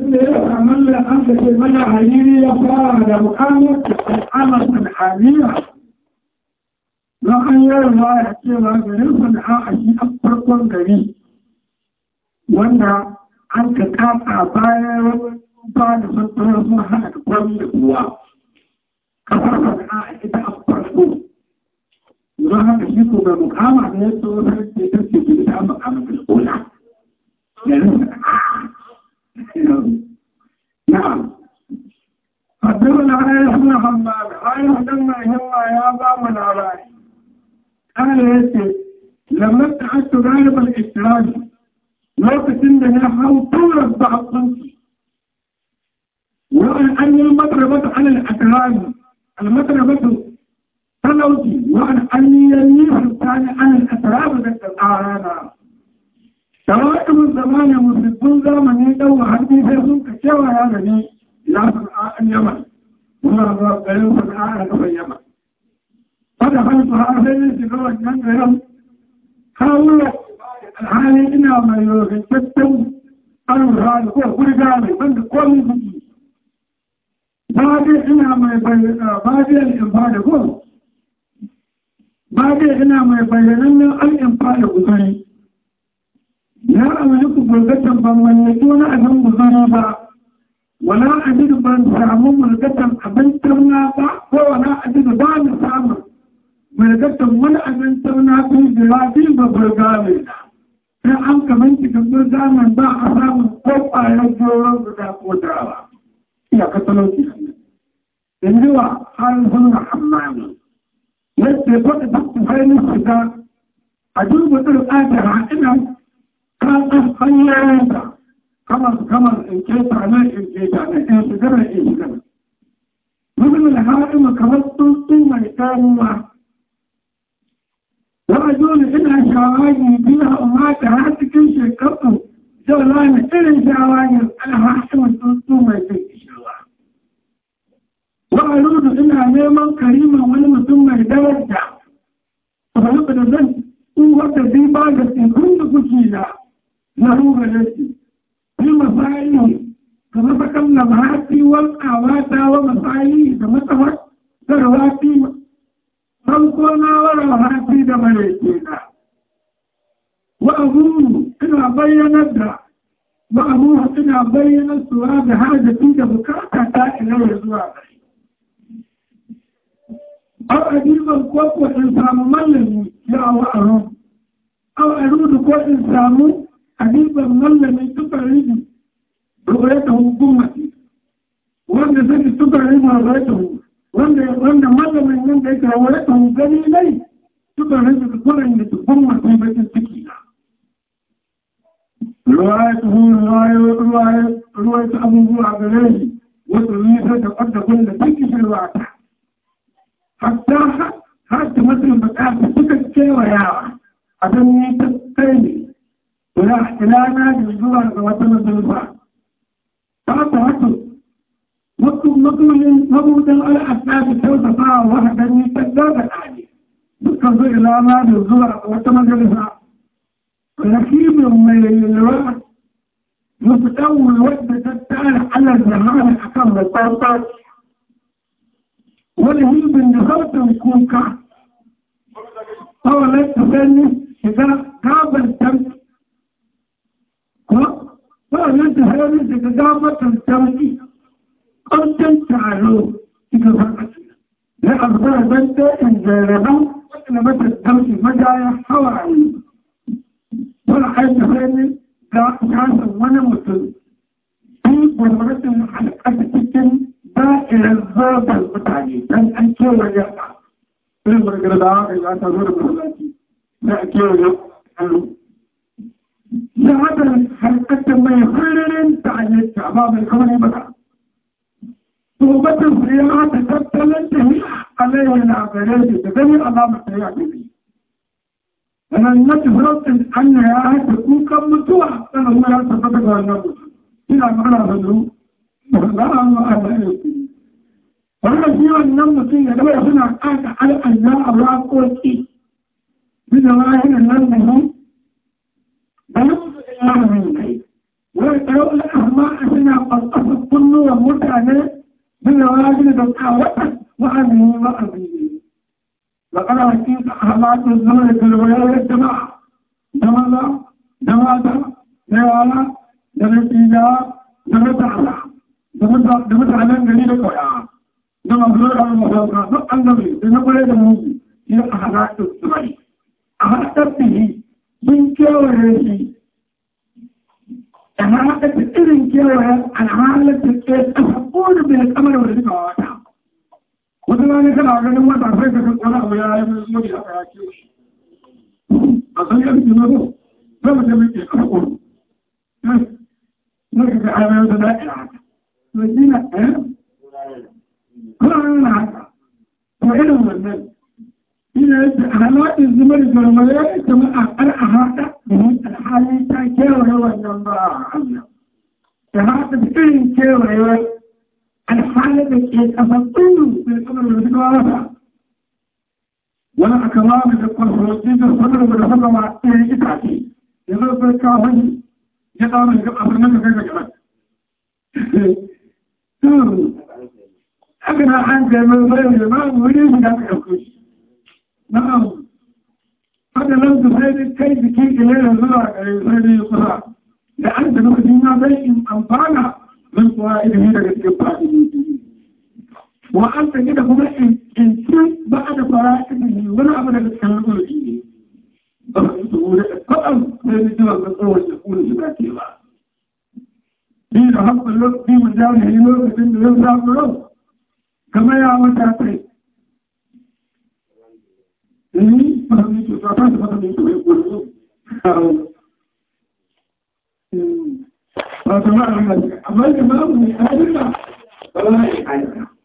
inda ya kamalla an ka ce mana hariri ya fara da mu'amar al'amar san'aniya don an yi rawa ya ce ba garin sana'a a shi a farkon gari wanda an ka kasa bayan ba da sassanar sun hana da kwami da kuwa kasar sana'a ita a farko don haka shi ko ga mukama da ya tsohon sarki ta ce ta amma لما تعدت غالب الاسلام وقت انها حوطورة بعض صنفي وان ان المضربة على الاسلام المضربة صنوتي وان ان يميح كان عن الاسلام ذات الاعلام تواتم الزمان مصدون زمن يدو وحدي فيهم كشوى يا غني لا سرعاء اليمن ولا رب قلوب الاعلى في اليمن قد خلصها في نسي قوة يوم kawuna halin ina mai rarrakin an da ko gurga mai ban da komi kuɗi. ba zai ina mai bayyana ba dai in ba da ko ba zai ina mai bayyanannen an in ba da guzari na amurku gurgatan ban mallaki wani abin guzari ba wala ajidu ban samu mulkatan abin turna ba ko wala ajidu ba mu samu mulkatan wani abin da burgami sai an kamanci ka burgamin ba a samun kwakwayen joron guda ko dawa iya katalauci yanzu wa halin hamani yadda ya faɗi bakku hainin shiga a duba ɗin ajiyar haɗinan kasan hanyoyinta kamar kamar in keta na in keta na in shigar in shigar. Mutum da haɗin kamar tsuntsu mai kamuwa Ra'ayoyin suna shawagi biya umarta har cikin shekaru zaura na irin shawagin alhassan tsuntsu mai tafiyawa. Wa'arudu ina neman kariman wani mutum mai daraja, saboda da zan tsuwar da zai ba da tekun da kuke da na ruga da shi. Yi mafayi ga mafakan na mahafi wankawa ta wa mafayi da matsawar sarwa fi farko na wara mahafi da وأظن إنا بيّن الدع مأموح إنا بيّن السؤال بحاجة فيك بكاتا تائنا وزوابا أو أجيب القوة وإنسان ملمي يا وأهم أو أرود قوة إنسان أجيب الملمي تفريد رؤيته قومتي وأن زكي تفريد رؤيته وأن ملمي من ذلك رؤيته قليلي تفريد قوة إنسان ملمي تفريد روايته رواية رواية أبو بكر عليه وتلميذه قد كنا تكشف الواقع حتى حتى مثل بتاعك تكشف ويا أدني تكشف ولا احتلالنا بالزوار وطن الزوار تعطى حتى مطلوب مطلوب مطلوب على أساس التوسع وحدني تكشف الآن بكرة إلى ما بالزوار وطن الزوار ونسيبهم من الوقت نتطور وحدة التعالى على الزهار الحكام الطاقات ونهيب النهاردة ويكون كعب طولت تفني إذا كعب التمت طولت تفني إذا كعب التمت قد تعالوا إذا فقط لأرضى بنت إن جاربا وإن مدى الدمس مجايا حوالي haihu hannu za su kasa wani mutum sun gwamnatin alƙar cikin da'irar zaɓar mutane don an kewaye a irin gargar da haka ya ta zo da masallaci da a kewaye hannu ya haɗa harkar mai huririn ta ayyarci amma mai kamar ba ta to batun ya haɗa tattalin ta yi alayhi na gare da gani alamar ta yi a أنا ما تبرت أن يا أخوك مطوع أنا ما رأيت هذا غانا بس إلى ما رأيت له ما رأيت له أنا جيوا نم مطين هذا ما يفعل أنت على أن لا أبغى كوكي من الله أنا نم مطين أنا ما رأيت له ولا أنا ما أفعل أصلا كل يوم مطين من الله أنا دكتور وأنا ما أبغى لقد أتيت أحمد الزهر في الولاية الجماعة جمالة جمالة نيوالة دمتيجا دمتعلا دمتعلا قليل قويا دم زهر على المخلوقات دم النبي بنقل دموزي هي أحمد الزهر أحمد به من كوريسي أنا أتكلم كوريسي عن حالة الكيس أحمد rana kana ganin wata sai ka kan abu ya yi mutu a kayaki shi a san yan fi mazo sai mu tabi ke karkon na ka ga ayyar da da'i a haka to shi na ɗaya kuna nuna haka to irin wannan shi ne yadda halaɗin zumar jarumar ya yi kama a al'ahaka alhali ta kewaye wannan ba a hanyar da haka irin kewayewar الحالة التي تفضل في الأمر المتكلمة ولا أكرام في القرصوصي في الصدر بالحظة مع إيجاتي إذا فكاهي يقام في أفرمان في مجرد أبنى عنك من غير ما مريد لك يخش نعم هذا لم تفيد كيف كيف إليه الزرع كيف يقرأ لأنت نخدمنا بين أنفعنا don kuwa ilimi daga cikin fa'ili wa an sanye da kuma in ci ba a da fara ilimi wani abu daga cikin al'ulki ne ba su su wuri kawai sai ni jiwa ga tsawon da kuma shiga ke ba bi da hankali lokaci mu jami'ai lokacin da yau samu rau kamar ya wata kai ni ba su ne cuta ta su fata ne kuma ya the ما عملت عملت ما أمني آلنا فلا يحينا